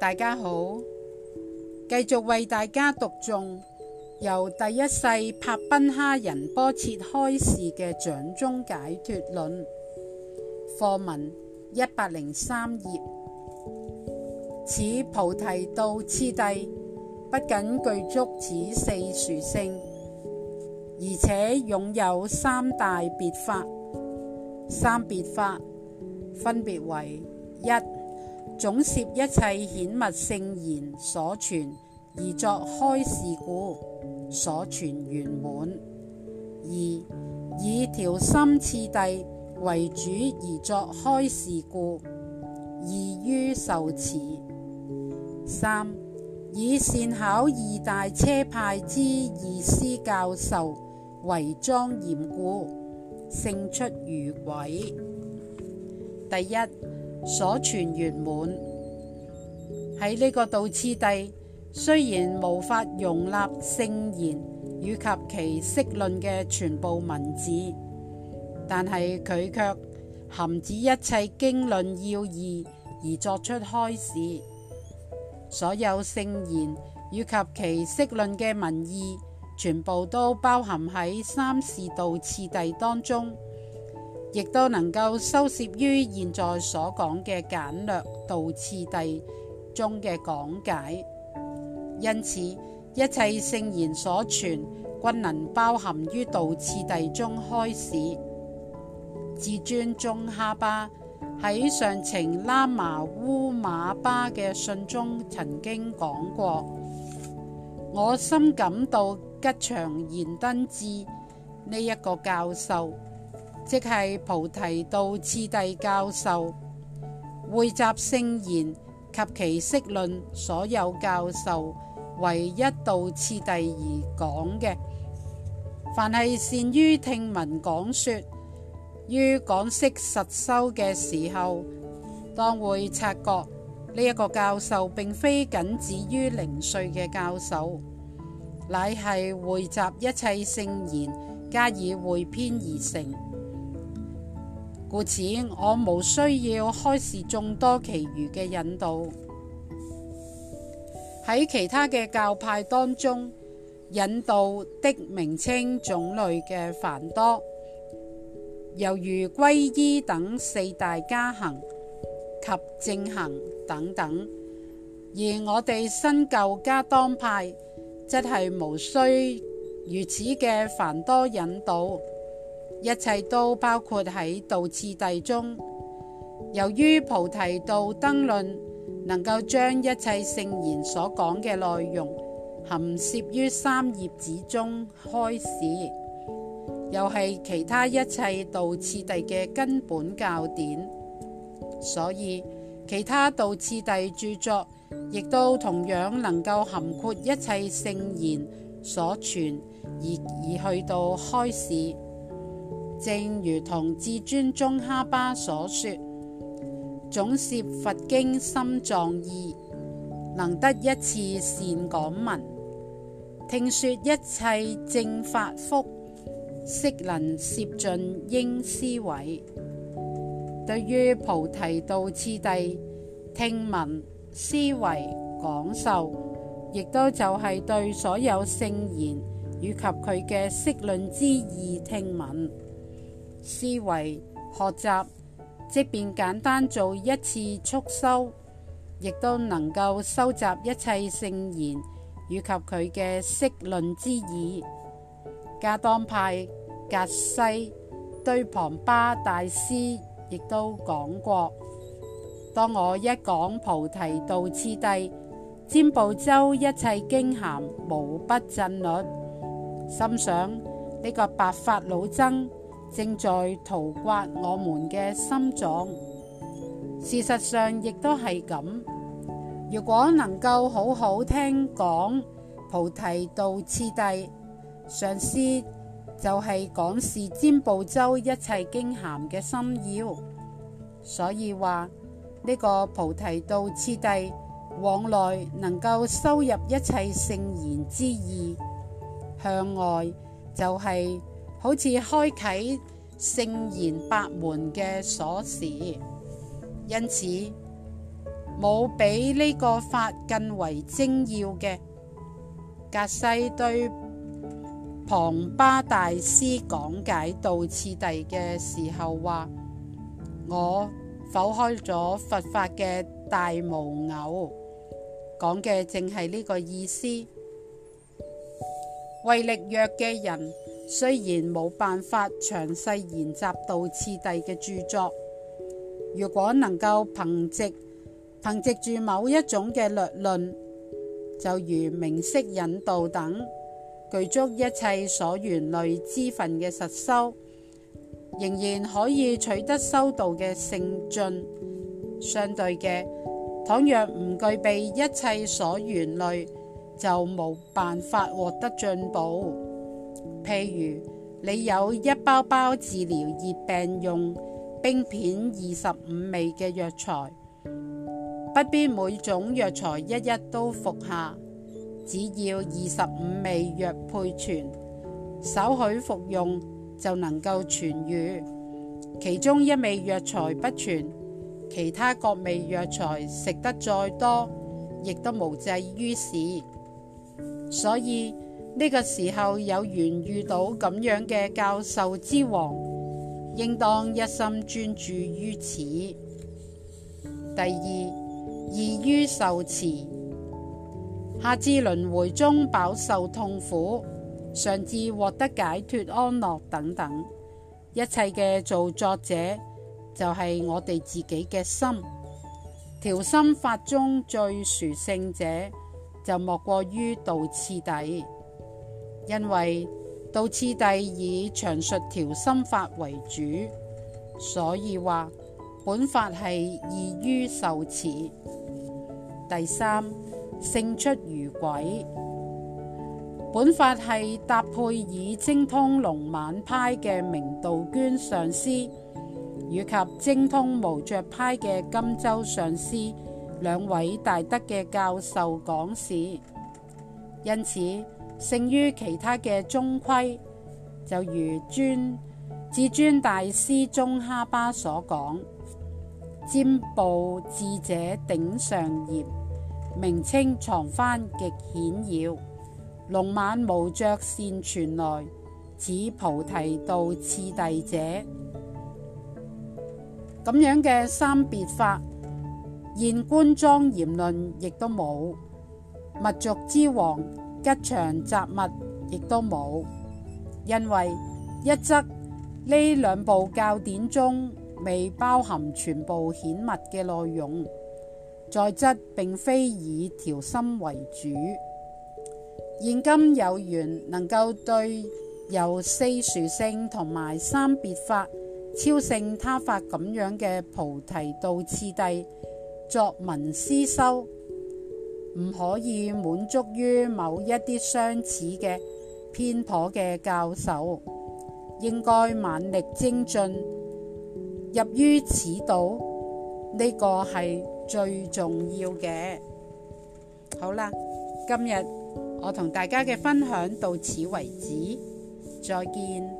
大家好，繼續為大家讀誦由第一世帕賓哈仁波切開示嘅《掌中解脫論》課文一百零三頁。此菩提道次第不僅具足此四殊勝，而且擁有三大別法，三別法分別為一。總攝一切顯密聖言所傳而作開示故，所存圓滿；二以調心次第為主而作開示故，易於受持；三以善巧二大車派之二師教授為莊嚴故，勝出餘軌。第一。所存圓滿喺呢個道次第，雖然無法容納聖言與及其釋論嘅全部文字，但係佢卻含指一切經論要義而作出開示。所有聖言與及其釋論嘅文義，全部都包含喺三士道次第當中。亦都能夠收攝於現在所講嘅簡略道次第中嘅講解，因此一切聖言所傳，均能包含於道次第中開始。至尊宗喀巴喺上情喇嘛烏馬巴嘅信中曾經講過，我深感到吉祥燃燈智呢一個教授。即係菩提道次第教授匯集聖言及其釋論，所有教授為一道次第而講嘅。凡係善於聽聞講說，於講釋實修嘅時候，當會察覺呢一個教授並非僅止於零碎嘅教授，乃係匯集一切聖言加以匯編而成。故此，我無需要開示眾多其餘嘅引導。喺其他嘅教派當中，引導的名稱種類嘅繁多，猶如皈依等四大加行及正行等等。而我哋新舊加當派，則係無需如此嘅繁多引導。一切都包括喺道次第中。由於菩提道燈論能夠將一切聖言所講嘅內容含攝於三頁紙中開始，又係其他一切道次第嘅根本教典，所以其他道次第著作亦都同樣能夠含括一切聖言所傳，而而去到開始。正如同至尊中哈巴所說，總攝佛經心藏意，能得一次善講聞。聽說一切正法福，色能攝盡應思維。對於菩提道次第聽聞思維講授，亦都就係對所有聖言以及佢嘅釋論之意聽聞。思維學習，即便簡單做一次速修，亦都能夠收集一切聖言以及佢嘅釋論之意。加當派格西堆旁巴大師亦都講過：當我一講菩提道次第，占部洲一切經函無不震律。心想呢、這個白髮老僧。正在屠刮我們嘅心臟，事實上亦都係咁。如果能夠好好聽講菩提道次第，上師就係講釋迦部洲一切經函嘅心要，所以話呢、這個菩提道次第往來能夠收入一切聖言之意，向外就係、是。好似開啟聖言八門嘅鎖匙，因此冇比呢個法更為精要嘅格西對龐巴大師講解道次第嘅時候話：我否開咗佛法嘅大無偶，講嘅正係呢個意思。為力弱嘅人。雖然冇辦法詳細研習道次第嘅著作，如果能夠憑藉憑藉住某一種嘅略論，就如明識引導等，具足一切所緣類資分嘅實修，仍然可以取得修道嘅勝進。相對嘅，倘若唔具備一切所緣類，就冇辦法獲得進步。譬如你有一包包治療熱病用冰片二十五味嘅藥材，不必每種藥材一一都服下，只要二十五味藥配全，稍許服用就能夠痊愈。其中一味藥材不全，其他各味藥材食得再多，亦都無濟於事。所以。呢個時候有緣遇到咁樣嘅教授之王，應當一心專注於此。第二，易於受持，下至輪迴中飽受痛苦，上至獲得解脱安樂等等，一切嘅造作者就係我哋自己嘅心。調心法中最殊勝者就莫過於道次第。因為道次第以長術調心法為主，所以話本法係易於受持。第三勝出如鬼，本法係搭配以精通龍晚派嘅明道娟上師，以及精通無著派嘅金州上師兩位大德嘅教授講事。因此。勝於其他嘅宗規，就如尊至尊大師宗喀巴所講：占布智者頂上嚴，名稱藏翻極顯耀，龍眼無著善傳來，此菩提道次第者。咁樣嘅三別法，現觀莊嚴論亦都冇物著之王。吉祥雜物亦都冇，因為一則呢兩部教典中未包含全部顯密嘅內容，再則並非以調心為主。現今有緣能夠對由四殊勝同埋三別法超勝他法咁樣嘅菩提道次第作文思修。唔可以滿足於某一啲相似嘅偏頗嘅教授，應該猛力精進入於此道，呢、這個係最重要嘅。好啦，今日我同大家嘅分享到此為止，再見。